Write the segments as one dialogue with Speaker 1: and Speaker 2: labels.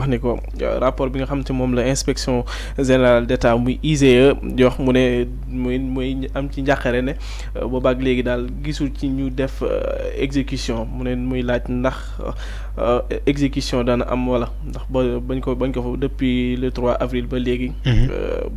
Speaker 1: wax ni ko euh, rapport bi nga xam te moom la inspection générale d'état muy IGE di wax mu ne muy muy am ci njàqare ne euh, boobaak léegi daal gisul ci ñu def euh, exécution mu ne muy laaj ndax exécution dana am wala ndax ba bañ ko bañ ko fa depuis le 3 avril ba léegi mhm.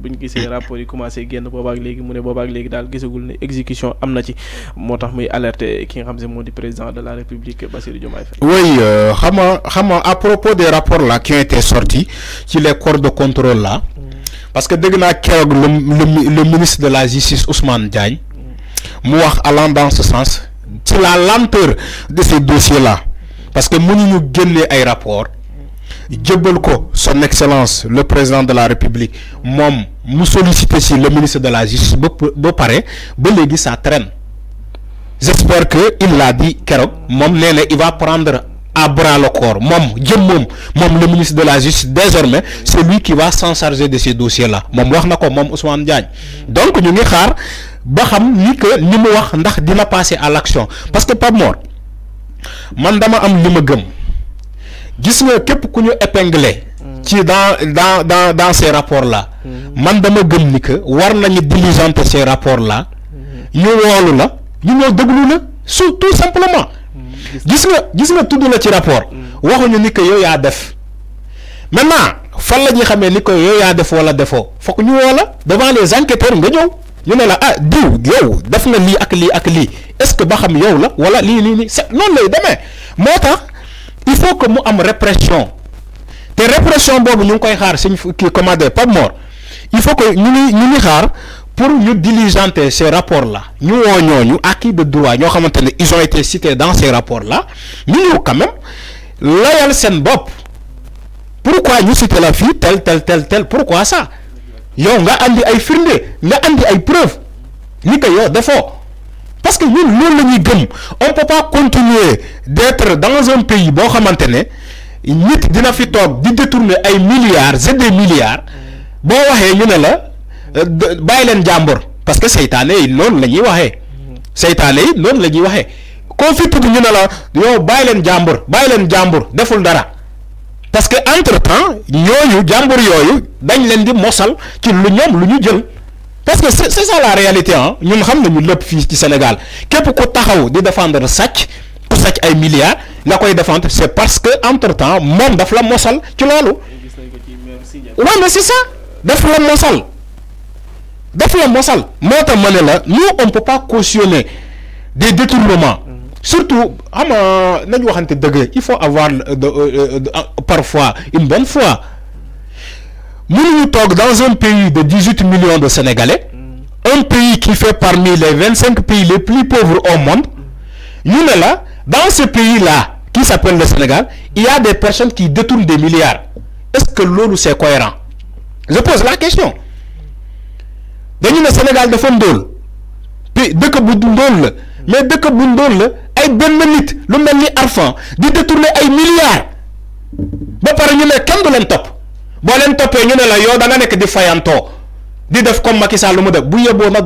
Speaker 1: buñ gisee rapport yi commencé génn boobaak léegi mu ne boobaak léegi daal gisagul ne exécution am na ci moo tax muy alerté ki nga xam ne moo di président de la république Bassirou Diomaye Faye oui xam nga xam nga à propos des rapports là était sorti ci les corps de contrôle là parce que dès que le ministre de la justice Ousmane Diagne moi allant dans ce sens c'est la lenteur de ces dossiers là parce que nous mënuñu génnee ay rapport jëbbal ko son excellence le président de la république mom, nous sollicité si le ministre de la justice de pareil de ba ça traîne j'espère que il l'a dit Kérok, il va prendre à bras le corps. Mom, Dieu mom, mom le ministre de la Justice, désormais, c'est lui qui va s'en charger de ces dossiers-là. Mom, wax nako mom Ousmane Diagne. Donc, nous ngi xaar ba xam ni que nous mu wax ndax passer à l'action parce que pas mort. Man dama am lima gëm. Gis nga képp ku ñu épingler ci dans dans dans ces rapports-là. Man dama gëm ni que war nañu diligenter ces rapports-là. Ñu wolu la, ñu ñoo déglu la, tout simplement gis nga gis tudd la ci rapport. Mm. waxuñu ni que yow yaa def. maintenant fan la ñuy xamee ni que yow yaa def wala defoo foog ñu wala devant les enquêteurs nga ñëw ñu ne la ah diw yow def na lii ak lii ak lii est-ce que ba xam yow la wala lii lii nii noonu lay demee moo tax il faut que mu am répression te répression boobu ñu ngi koy xaar suñ kii commandé Pape Mor il faut que ñu ngi ñu ngi xaar pour nous diligenter ces rapports là nous, nous, nous, acquis de droit ils ont été cités dans ces rapports là mais nous quand même nous pourquoi nous citer la vie tel tel tel tel pourquoi ça Nous andi ay nous andi ay preuves nous nous, nous, parce que nous, nous, nous, nous, on on peut pas continuer d'être dans un pays nous dina nous détourner milliards et des milliards Bon, nous, nous, euh, bay len jàmbur parce que seytaane yi noonu la ñuy waxee seytaane yi noonu la ñuy waxee koo fipp bi ñu na la yo bay len jàmbur bay len jàmbur deful dara parce que entre temps ñooñu jàmbur yoyu dañ leen di mosal ci lu ñom lu ñu jël parce que c'est ça la réalité hein ñun xam nañu lepp fi ci Sénégal képp ko taxaw di défendre sacc ku sacc ay milliards la koy défendre c'est parce que entre temps moom daf la mosal ci lolu ouais mais c'est ça daf la mosal daf mosal moi nous on peut pas cautionner des détournements surtout xam il faut avoir euh, euh, euh, parfois une bonne foi nous dans un pays de 18 millions de sénégalais un pays qui fait parmi les 25 pays les plus pauvres au monde ñu ne là dans ce pays là qui s'appelle le Sénégal il y a des personnes qui détournent des milliards est-ce que nous c'est cohérent je pose la question dañu ne Sénégal de puis dëkk bu mais dëkk bu ndóol la ay benn nit lu mel ni Arfan di détourner ay milliards ba pare ñu ne kenn du leen topp boo leen toppee ñu ne la yow da nga di di def comme Macky bu na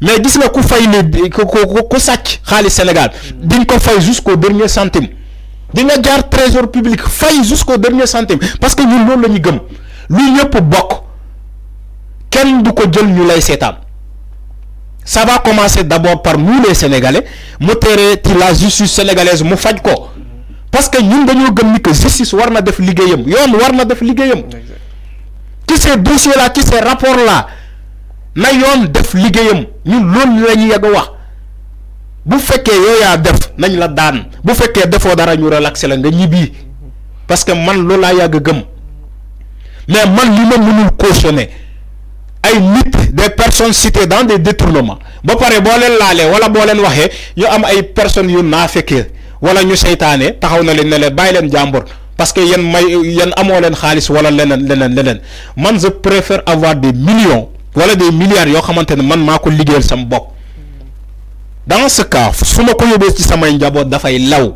Speaker 1: mais gis nga ku fay ku ku Sénégal di ko jusqu'au dernier centime di nga trésor public fay jusqu'au dernier centime parce que ñun loolu la lu ça va commencer d'abord par nous les sénégalais mu la justice sénégalaise mu parce que ñun venons gëm ni que justice warna def liggéeyam yoon warna def ces dossiers là ci ces rapports là na yoon def nous ñun loolu la ñu wax bu def nañ la daan bu fekkee defoo dara ñu nga parce que man loolu laa yàgg gëm mais man li mënul cautionner ay nit des personnes citées dans des détournements ba pare bo len lalé wala bo len waxé ñu am ay personnes yu naafekkee wala ñu seytaane taxaw na leen ne bay leen jambour parce que yéen may yéen amo leen xaalis wala leneen leneen leneen man je préfère avoir des millions wala des milliards yo xamante man mako ko liggéeyal sama bopp dans ce cas su ko yobé ci samay da fay law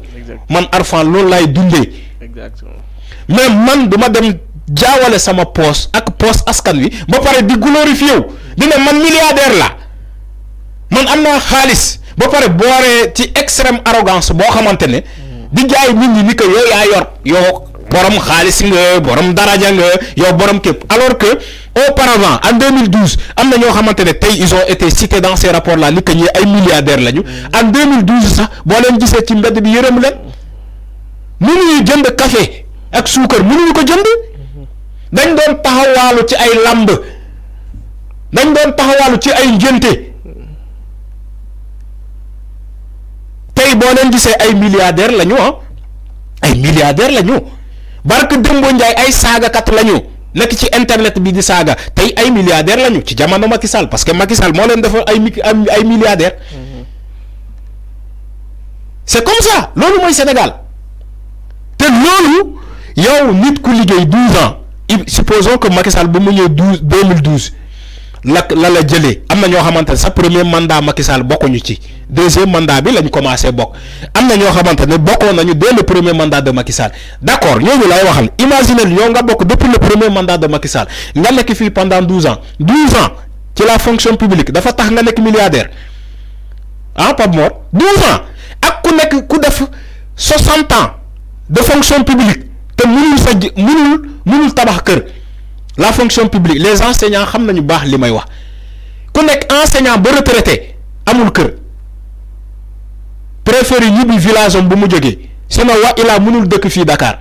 Speaker 1: man Arfan loolu laay dundee mais man duma dem jaawale sama poste ak poste askan wi ba pare di glorifier dina man milliardaire la man amna naa ba pare boré ci extrême arrogance bo xamante di jaay nit ñi ni que yow ya yor yow borom xaalis nga borom daraja nga yow borom kep. alors que auparavant en 2012 am na ñoo xamante ils ont été cités dans ces rapports là ni que ñii ay milliardaire lañu en 2012 sax bo leen de ci mbedd bi yërem leen ñu jënd café ak mënu ñu ko jënd. dañ doon taxawaalu ci ay làmb dañ doon taxawaalu ci ay ngénte tey boo leen gisee ay milliardaire la ñu ah ay milliardaire lañu ñu barke Dembo Ndiaye ay saagakat la ñu nekk ci internet bi di saaga tey ay milliardaire la ñu ci jamono Macky Sall parce que Macky moo leen defal ay ay milliardaire mm-hmm. c'est comme ça loolu mooy senegal te loolu yow nit ku liggéey douze ans supposons que Macky Sall bu mu ñëw douze la la jëlé amna sa premier mandat Macky Sall bokkuñu deuxième mandat bi lañ commencé bok amna ño ñoo xamante ne nañu dès le premier mandat de Macky Sall d'accord a ñooñu lay waxal imagine nga bok depuis le premier mandat de Macky Sall nga nekk pendant douze ans 12 ans ci la fonction publique dafa tax nga nek milliardaire ah Pape mort douze ans ak ku nek ku def soixante ans de fonction publique mënul la fonction publique les enseignants xam nañu les li may wax ku nekk enseignant retraité amul kër préféré yubbi village am bu mu moi sinon wa a mënul dëkk Dakar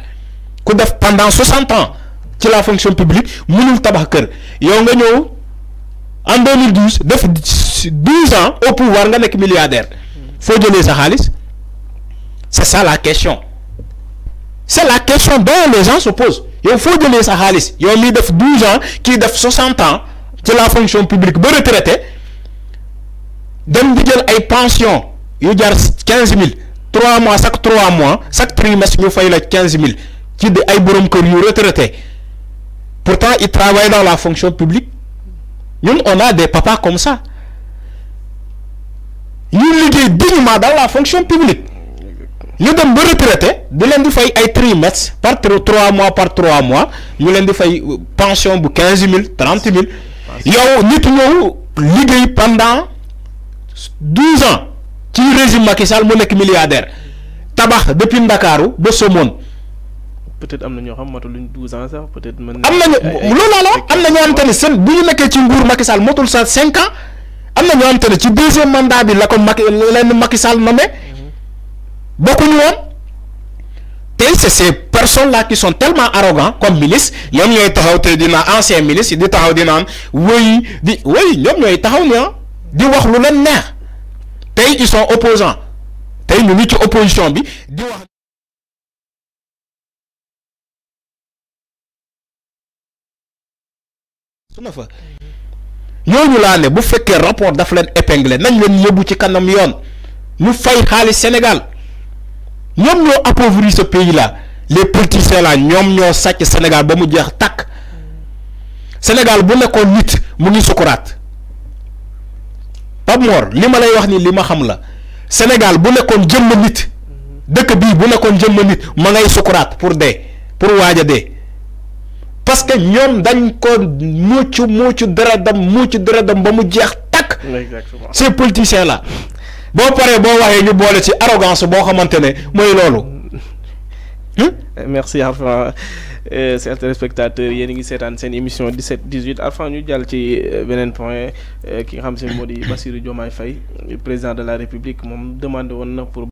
Speaker 1: pendant 60 ans ci la fonction publique mënul tabax kër yow nga en 2012 def 12 ans au pouvoir nga milliardaire foo de les c'est ça la question c'est la question dont les gens se posent. Il faut de les Il y a 12 ans, qui a 60 ans, la fonction publique, de retraité. Ils pension 15 000. 3 mois chaque 3 mois chaque trimestre ñu fay la 15 000. Qui pourtant il travaille dans la fonction publique Nous, on a des papas comme ça a dignement dans la fonction publique ñu dem ba retraité di leen di fay ay trimestre par trois mois par trois mois ñu leen di fay euh, pension bu quinze mille trente mille yow nit ñëw liggéey pendant douze ans ci régime Macky Sall mu nekk milliardaire tabax depuis Ndakaaru ba Somone. peut-être am na ñoo xam matul luñ douze ans sax peut-être. mën am nañu loolu la am na ñoo xamante ne seen bu ñu nekkee ci nguur Macky Sall motul cinq ans am na ñoo xamante ne ci deuxième mandat bi la ko Macky leen Macky Sall nommé. Beaucoup nous c'est ces personnes là qui sont tellement arrogants comme milice les ñooy taxaw ancien milice di oui, oui, oui, oui, di ils taxaw ah, ils sont opposants ñu ci opposition bi di wax. su rapport daf leen nañ leen ci kanam yoon Sénégal ñom ñoo appauvri ce pays là les politiciens là ñom ñoo sacc Sénégal ba mu jeex tak Sénégal bu nekkoon nit mu ngi sukuraat Pape Mor li ma lay wax ni li ma xam la Sénégal bu nekkoon jëmm nit dëkk bii bu nekkoon jëmm nit ma ngay sukuraat pour dee pour waaj a dee parce que ñom dañ ko muccu muccu dara dam muccu dara dam ba mu jeex tak ces politiciens là boo paree boo waxee ñu boole ci arrogance boo xamante ne mooy loolu. Hmm? merci Arfan euh, chers téléspectateurs yéen a ngi sétane sen émission 17 18 Arfan ñu jall ci euh, beneen point euh, ki nga xam si moo di Bassirou Diomaye Faye président de la République mom demandé woon na pour.